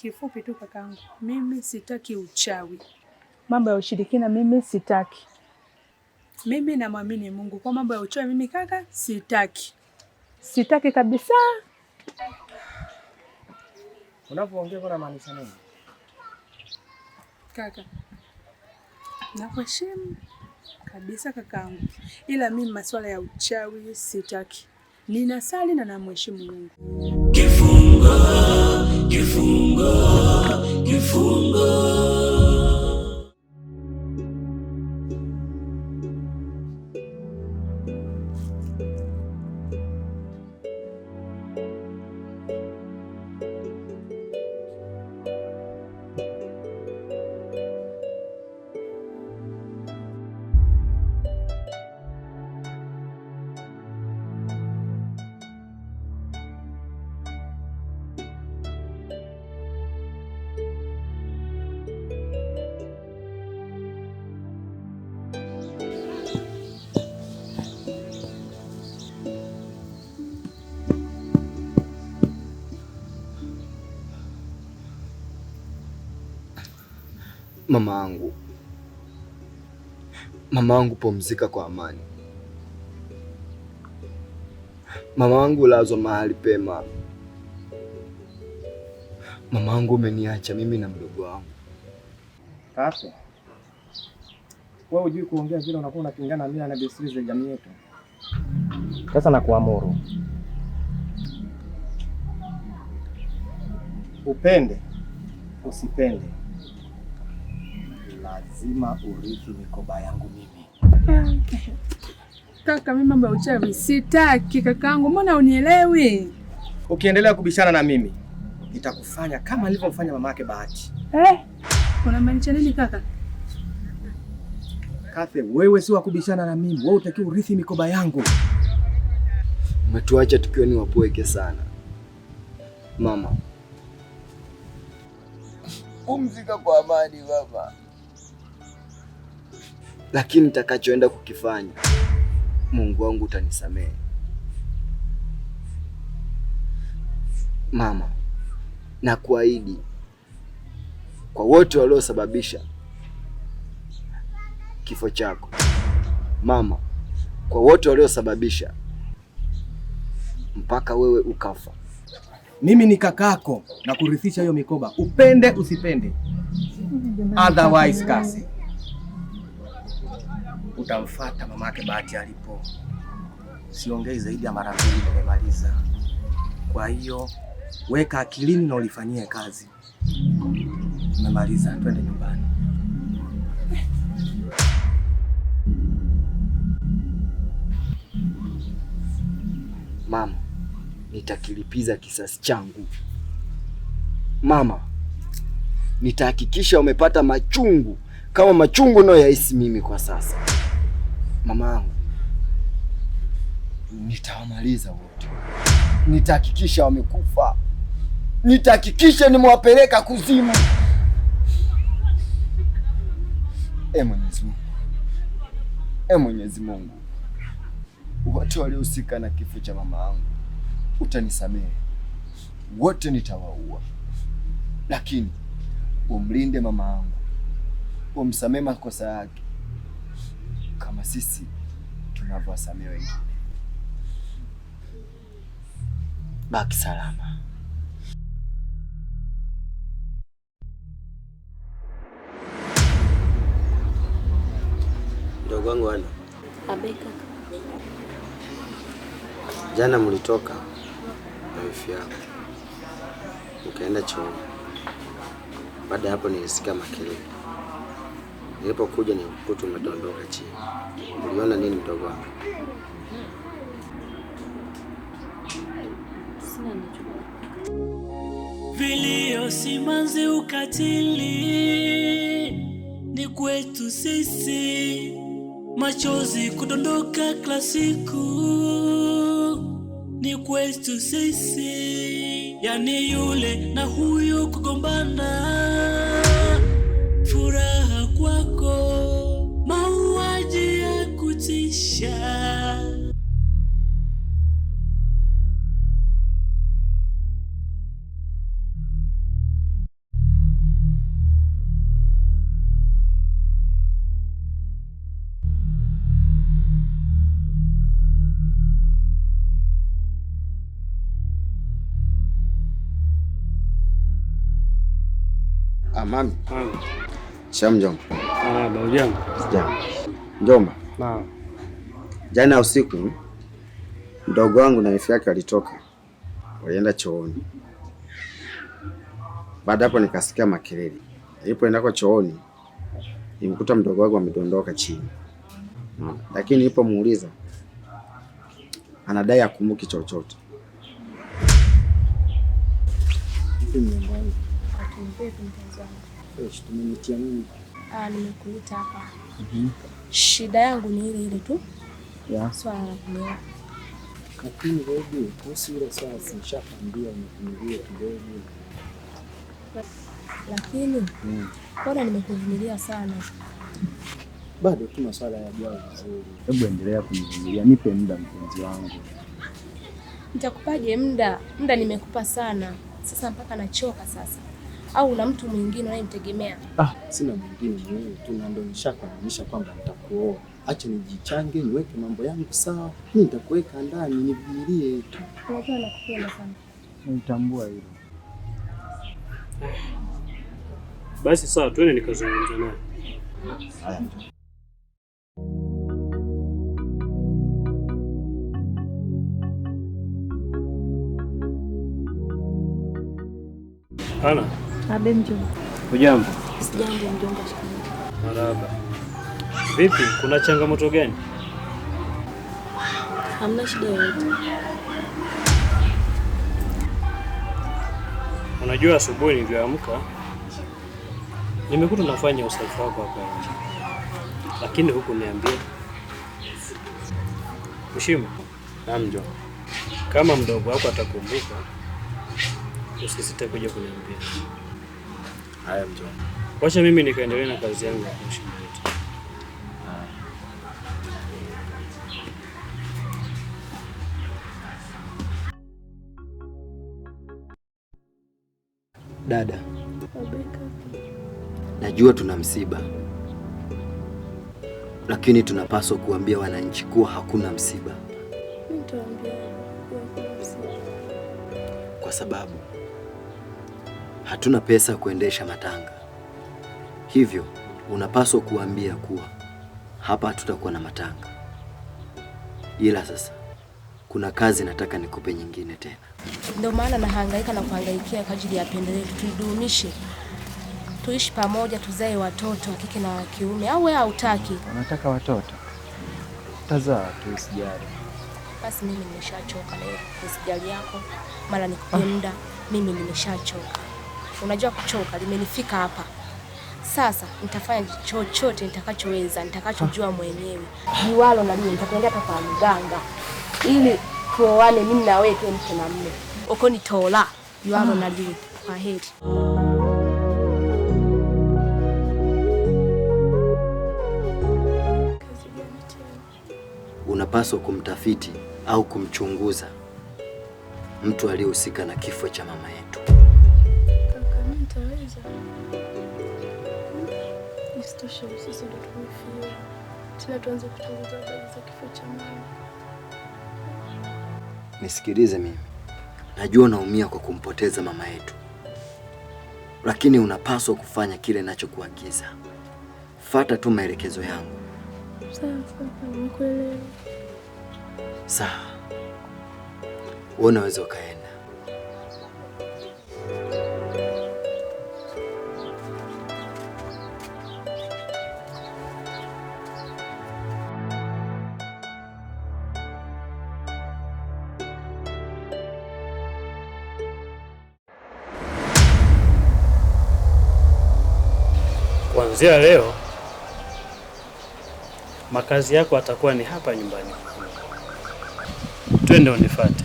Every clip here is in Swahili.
Kifupi tu kakaangu, mimi sitaki uchawi, mambo ya ushirikina mimi sitaki. Mimi namwamini Mungu, kwa mambo ya uchawi mimi kaka sitaki, sitaki kabisa. Unapoongea kuna maanisha nini kaka? Nakuheshimu kabisa kakaangu, ila mimi masuala ya uchawi sitaki. Ninasali na namheshimu Mungu. Kifungo kifungo, kifungo Mama angu, mama angu, pumzika kwa amani. Mama angu, lazwa mahali pema. Mama angu, umeniacha mimi na mdogo wangu. Sasa wewe hujui kuongea vile, unakuwa unapingana mila na desturi za jamii yetu. Sasa nakuamuru upende usipende lazima urithi mikoba yangu mimi. Kaka, mimi mambo ya uchawi sitaki kakaangu, mbona unielewi? Ukiendelea kubishana na mimi nitakufanya kama alivyomfanya mama yake Bahati. Eh, unamaanisha nini kaka? Kate, wewe si wa kubishana na mimi, wewe utaki urithi mikoba yangu. Umetuacha tukiwa ni wapweke sana mama. Pumzika kwa amani baba lakini nitakachoenda kukifanya, Mungu wangu utanisamehe. Mama, nakuahidi kwa wote waliosababisha kifo chako mama, kwa wote waliosababisha mpaka wewe ukafa. Mimi ni kakako na kurithisha hiyo mikoba, upende usipende, otherwise kasi utamfuata mamake Bahati alipo. Siongei zaidi ya mara mbili, nimemaliza. Kwa hiyo weka akilini na ulifanyie kazi. Nimemaliza, twende nyumbani. Mama, nitakilipiza kisasi changu. Mama, nitahakikisha umepata machungu kama machungu unayoyahisi mimi kwa sasa mama angu nitawamaliza wote, nitahakikisha wamekufa, nitahakikisha nimewapeleka kuzimu. E Mwenyezi Mungu, e Mwenyezi Mungu, wote waliohusika na kifo cha mama yangu utanisamehe, wote nitawaua, lakini umlinde mama yangu, umsamehe makosa yake kama sisi tunavyowasamehe wengine. Baki salama. Mdogo wangu Ana. Abeka. Jana mlitoka na wifi yako mkaenda chooni, baada ya hapo nilisikia makelele Nilipokuja nikukuta umedondoka chini. Uliona nini mdogo wangu? Vilio, simanzi, ukatili ni kwetu sisi, machozi kudondoka kila siku ni kwetu sisi, yani yule na huyu kugombana furaha kwako, mauaji ya kutisha. Amani. Sha mjomba. Marahaba, ujambo? Sijambo. Mjomba. Naam. Jana usiku mdogo wangu na wifi yake walitoka, walienda chooni. Baada hapo nikasikia makelele. Nilipoendako chooni nimkuta mdogo wangu amedondoka chini, lakini nilipomuuliza anadai akumbuki chochote. Tumenitia Mungu. Ah, nimekuita hapa. Mm Shida yangu ni ile ile tu. Yeah. Swala la kumea. Lakini wewe kuhusu ile swala simshakwambia umevumilia kidogo. Lakini mm. bora nimekuvumilia sana. Bado tu maswala ya jao vizuri. Hebu endelea kunivumilia, nipe muda mpenzi wangu. Nitakupaje muda? Muda nimekupa sana. Sasa mpaka nachoka sasa au una mtu mwingine unayemtegemea? Ah, sina mwingine, wewe tu na ndio nishakuaminisha kwamba nitakuoa. Acha nijichange, niweke mambo yangu sawa, mimi nitakuweka ndani, nivumilie tu. Unajua nakupenda sana. Nitambua hilo. Basi sawa, twende nikazungumza naye. Haya. Ana Abe mjomba. Ujambo? Sijambo mjomba. Marahaba. Vipi, kuna changamoto gani? Hamna shida yoyote. Unajua, asubuhi nilivyoamka nimekuta nafanya usafi wako hapa lakini hukuniambia. Mshimo Naam mjomba. Kama mdogo wako atakumbuka, usisite kuja kuniambia. Haya mjomba. Wacha mimi nikaendelea na kazi yangu ya yote. Dada, najua tuna msiba, lakini tunapaswa kuambia wananchi kuwa hakuna msiba, kwa sababu hatuna pesa ya kuendesha matanga, hivyo unapaswa kuambia kuwa hapa hatutakuwa na matanga, ila sasa kuna kazi nataka nikupe nyingine tena. Ndio maana nahangaika na kuhangaikia kwa ajili ya pendeleo, tuidumishe, tuishi pamoja, tuzae watoto kike na kiume. Au wewe hautaki? Unataka watoto, tazaa tu, usijali. Basi mimi nimeshachoka na hiyo usijali yako, mara nikupe ah. muda. Mimi nimeshachoka unajua kuchoka limenifika hapa sasa. Nitafanya chochote nitakachoweza, nitakachojua mwenyewe. Jiwalo na mimi nitakwenda hata kwa mganga ili tuoane, mimi na wewe tuwe mke na mume. Uko nitola jiwalo na mimi. Kwa heri. Unapaswa kumtafiti au kumchunguza mtu aliyehusika na kifo cha mama yetu. Isitoshe, sisi ndo tumefia tena, tuanze kutangaza habari za kifo cha mama. Nisikilize mimi, najua unaumia kwa kumpoteza mama yetu, lakini unapaswa kufanya kile ninachokuagiza. Fata tu maelekezo yangu. Sawa, wewe unaweza ukaenda. kuanzia leo makazi yako atakuwa ni hapa nyumbani. Twende unifuate.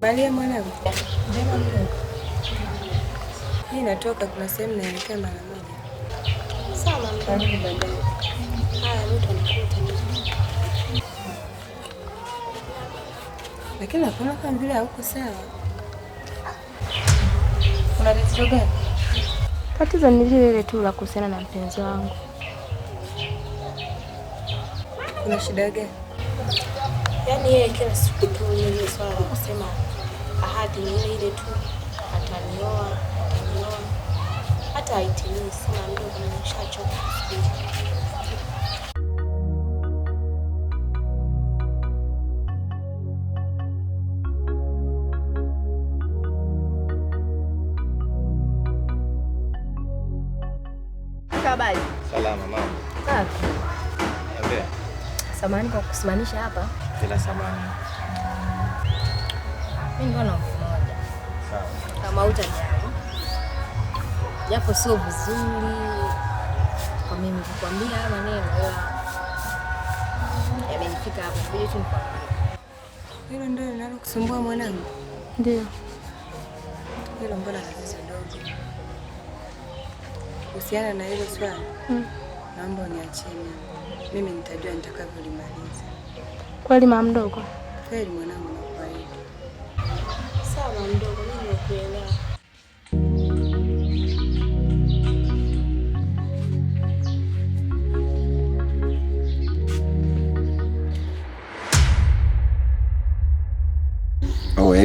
Maria mwanangu. Hii natoka, kuna sehemu naelekea mara moja. Sawa mama. Haya, mtu anakuta. Lakini hakuna kama vile hauko sawa. Kuna tatizo gani? Tatizo ni lile lile tu la kuhusiana na mpenzi wangu. Kuna shida gani? Yaani yeye kila siku tu ni swala la kusema ahadi ni ile ile tu atanioa Habari. Salama mama. Safi. Ah. Niambie. Samahani kwa kusimamisha hapa. Bila samahani. Mimi ndo na mmoja. Sawa. Kama uta japo sio vizuri kwa mimi kukwambia maneno, ila yamenifika hapo tu. Hilo ndio linalo kusumbua mwanangu? Ndio hilo. Mbona tatizo dogo kuhusiana na hilo swala? Hmm, naomba uniachie mimi, nitajua nitakavyolimaliza. Kweli mama mdogo? Kweli mwanangu, nakuahidi. Sawa mdogo, mimi nakuelewa.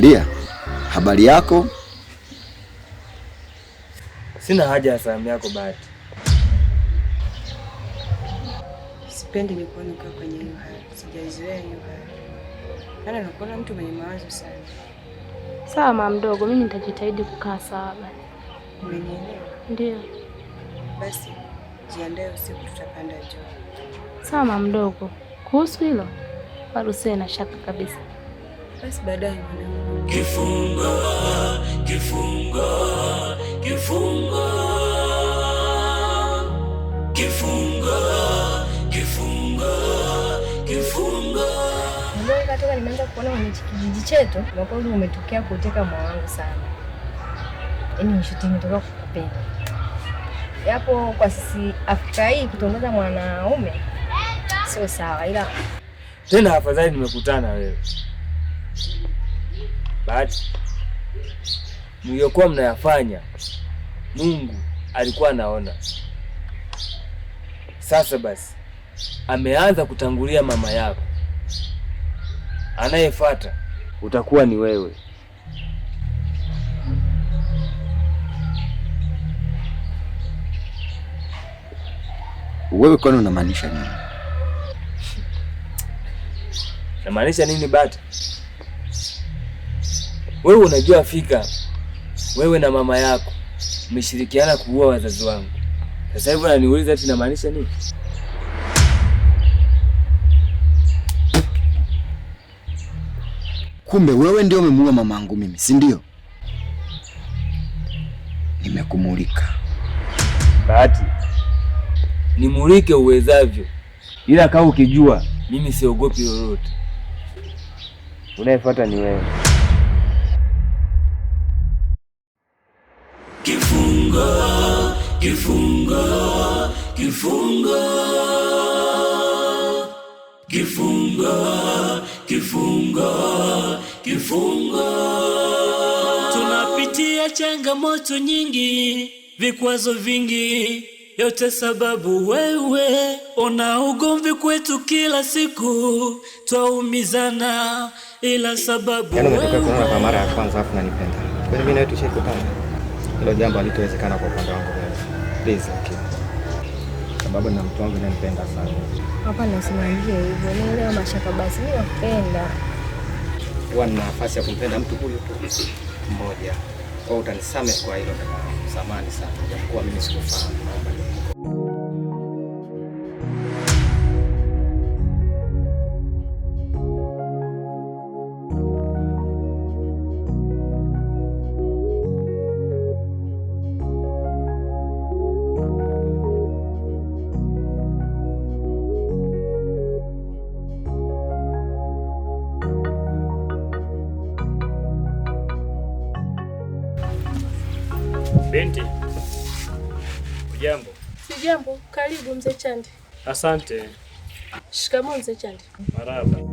Elia, habari yako? Sina haja ya salamu yako Bahati. Sipendi nikuone ukiwa kwenye hiyo hali. Sijaizoea hiyo hali. Yaani nakuona mtu mwenye mawazo sana. Sawa mama mdogo, mimi nitajitahidi kukaa sawa basi. Umenielewa? Ndio. Basi jiandae usiku tutapanda juu. Sawa mama mdogo. Kuhusu hilo, bado sina shaka kabisa basi baadaye mwanangu. Kifungo, kifungo, kifungo, kifungo, kifungo, kifungo. Mbona toka nimeanza kuona mwenye kijiji chetu mwaka huu umetokea kuteka moyo wangu sana, yaani nishuti imetoka kukupenda, yapo kwa sisi Afrika hii kutongoza mwanaume sio sawa, ila tena afadhali nimekutana wewe bahati mliokuwa mnayafanya Mungu alikuwa anaona. Sasa basi, ameanza kutangulia mama yako, anayefuata utakuwa ni wewe. Wewe kwani unamaanisha nini? Namaanisha nini Bata? Wewe unajua fika wewe na mama yako mmeshirikiana kuua wazazi wangu. Sasa hivi unaniuliza ati namaanisha nini? Kumbe wewe ndio umemuua mamangu mimi, si ndio? Nimekumulika Bahati, nimulike uwezavyo, ila kama ukijua mimi siogopi lolote. Unayefuata ni wewe. kifungo, kifungo, kifungo, kifungo, kifungo. kifungo. Tunapitia changamoto nyingi, vikwazo vingi, yote sababu wewe. Ona ugomvi kwetu kila siku, twaumizana, ila sababu yaani wewe. Yaani kwa mara ya kwanza afu nanipenda. Kwani mimi na wewe tushakutana? hilo jambo halitowezekana kwa upande wangu please, lakini sababu na mtu wangu nampenda sana. Hapana, usimwambie hivyo, nielewa mashaka. Basi mimi nakupenda, huwa na nafasi ya kumpenda mtu huyu tu mmoja. Kwa utanisame kwa hilo, samani sana, japokuwa mimi sikufahamu. Binti, ujambo? Sijambo. Karibu mzee Chande. Asante. Shikamoo mzee Chande. Marahaba.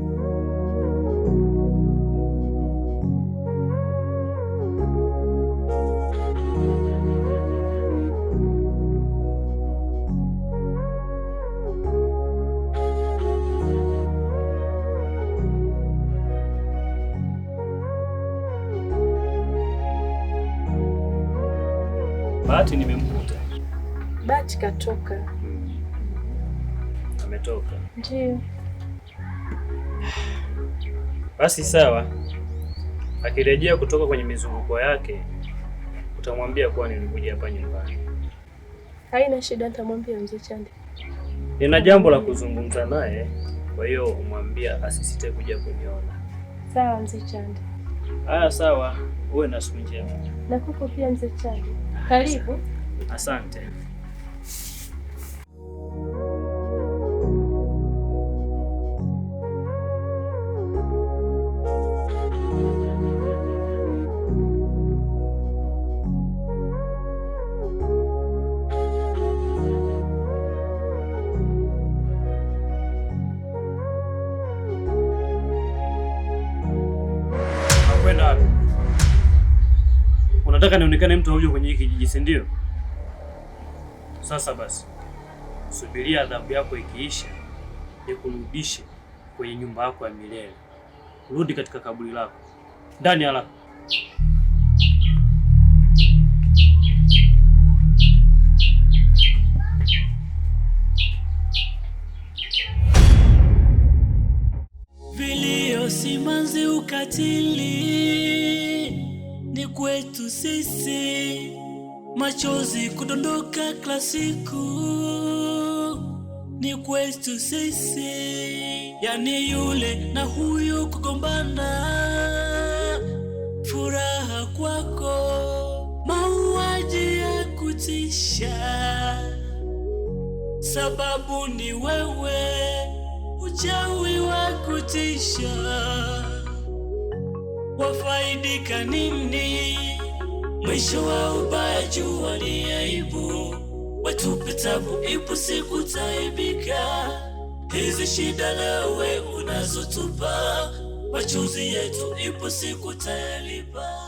Bahati nimemkuta. Bahati katoka. Hmm. Ametoka. Ndio. Basi sawa, akirejea kutoka kwenye mizunguko yake utamwambia kuwa nilikuja hapa nyumbani. Haina shida, nitamwambia mzee Chande. Nina jambo la kuzungumza naye, kwa hiyo umwambia asisite kuja kuniona. Sawa mzee Chande. Haya, sawa, uwe na siku njema. Na kuko pia mzee Chande. Karibu. Asante. nionekane mtu ovyo kwenye hiki kijiji, si ndio? Sasa basi, subiria adhabu yako ikiisha, nikurudishe kwenye nyumba yako ya milele. Rudi katika kaburi lako ndani ala Vilio simanzi ukatili ni kwetu sisi, machozi kudondoka kila siku ni kwetu sisi, yani yule na huyu kugombana, furaha kwako, mauaji ya kutisha, sababu ni wewe, uchawi wa kutisha wafaidika nini? Mwisho wa ubaji wali aibu, watupe tabu, ipo siku taibika. Hizi shida lawe unazotupa, machozi yetu ipo siku tayalipa.